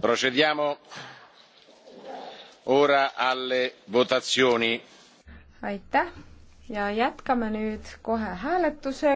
procediamo ora alle votazioni. aitäh ja jätkame nüüd kohe hääletusega.